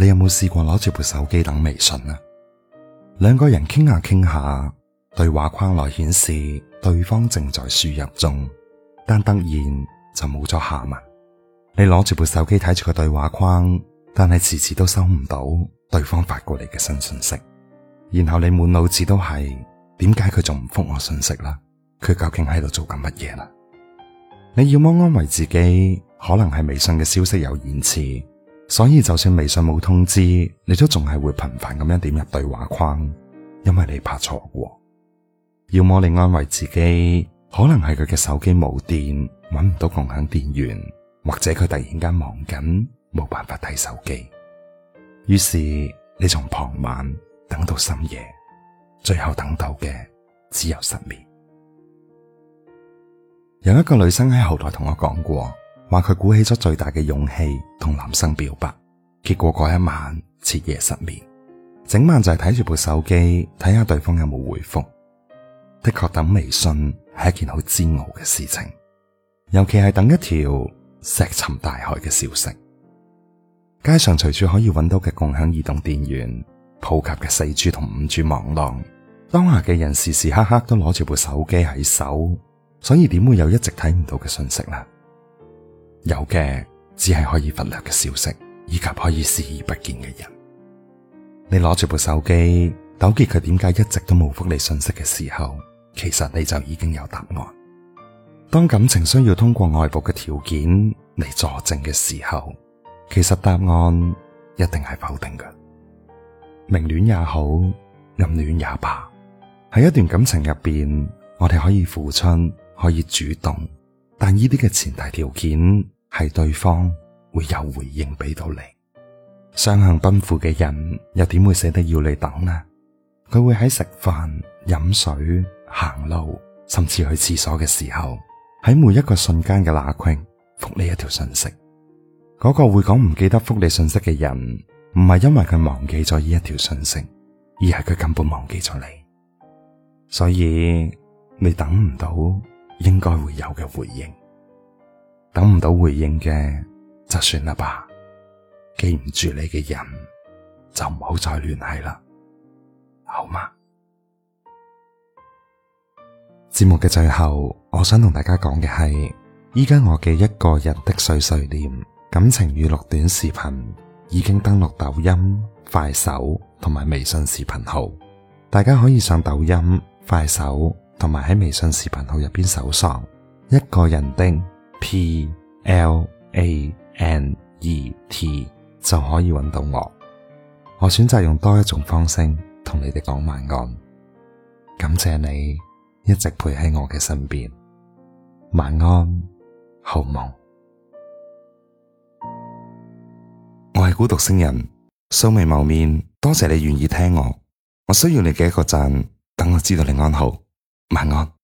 你有冇試過攞住部手機等微信啊？兩個人傾下傾下，對話框內顯示對方正在輸入中，但突然就冇咗下文。你攞住部手機睇住個對話框，但係遲遲都收唔到對方發過嚟嘅新信息。然後你滿腦子都係點解佢仲唔覆我信息啦？佢究竟喺度做緊乜嘢啦？你要麼安慰自己，可能係微信嘅消息有延遲。所以，就算微信冇通知，你都仲係會頻繁咁樣點入對話框，因為你怕錯過。要麼你安慰自己，可能係佢嘅手機冇電，揾唔到共享電源，或者佢突然間忙緊，冇辦法睇手機。於是你從傍晚等到深夜，最後等到嘅只有失眠。有一個女生喺後台同我講過。話佢鼓起咗最大嘅勇氣同男生表白，結果嗰一晚徹夜失眠，整晚就係睇住部手機，睇下對方有冇回覆。的確等微信係一件好煎熬嘅事情，尤其係等一條石沉大海嘅消息。街上隨處可以揾到嘅共享移動電源，普及嘅四 G 同五 G 網絡，當下嘅人時時刻刻都攞住部手機喺手，所以點會有一直睇唔到嘅信息呢？有嘅只係可以忽略嘅消息，以及可以視而不見嘅人。你攞住部手機，糾結佢點解一直都冇覆你信息嘅時候，其實你就已經有答案。當感情需要通過外部嘅條件嚟佐證嘅時候，其實答案一定係否定嘅。明戀也好，暗戀也罷，喺一段感情入邊，我哋可以付出，可以主動，但呢啲嘅前提條件，係對方會有回應俾到你，雙向奔赴嘅人又點會捨得要你等呢？佢會喺食飯、飲水、行路，甚至去廁所嘅時候，喺每一個瞬間嘅罅隙覆你一條信息。嗰、那個會講唔記得覆你信息嘅人，唔係因為佢忘記咗呢一條信息，而係佢根本忘記咗你，所以你等唔到應該會有嘅回應。等唔到回應嘅就算啦吧，記唔住你嘅人就唔好再聯繫啦，好嗎？節目嘅最後，我想同大家講嘅係，依家我嘅一個人的碎碎念感情語錄短視頻已經登錄抖音、快手同埋微信視頻號，大家可以上抖音、快手同埋喺微信視頻號入邊搜索一個人的。P L A N E T 就可以揾到我。我選擇用多一種方式同你哋講晚安。感謝你一直陪喺我嘅身邊。晚安，好夢。我係孤獨星人，素未謀面，多謝你願意聽我。我需要你嘅一個讚，等我知道你安好。晚安。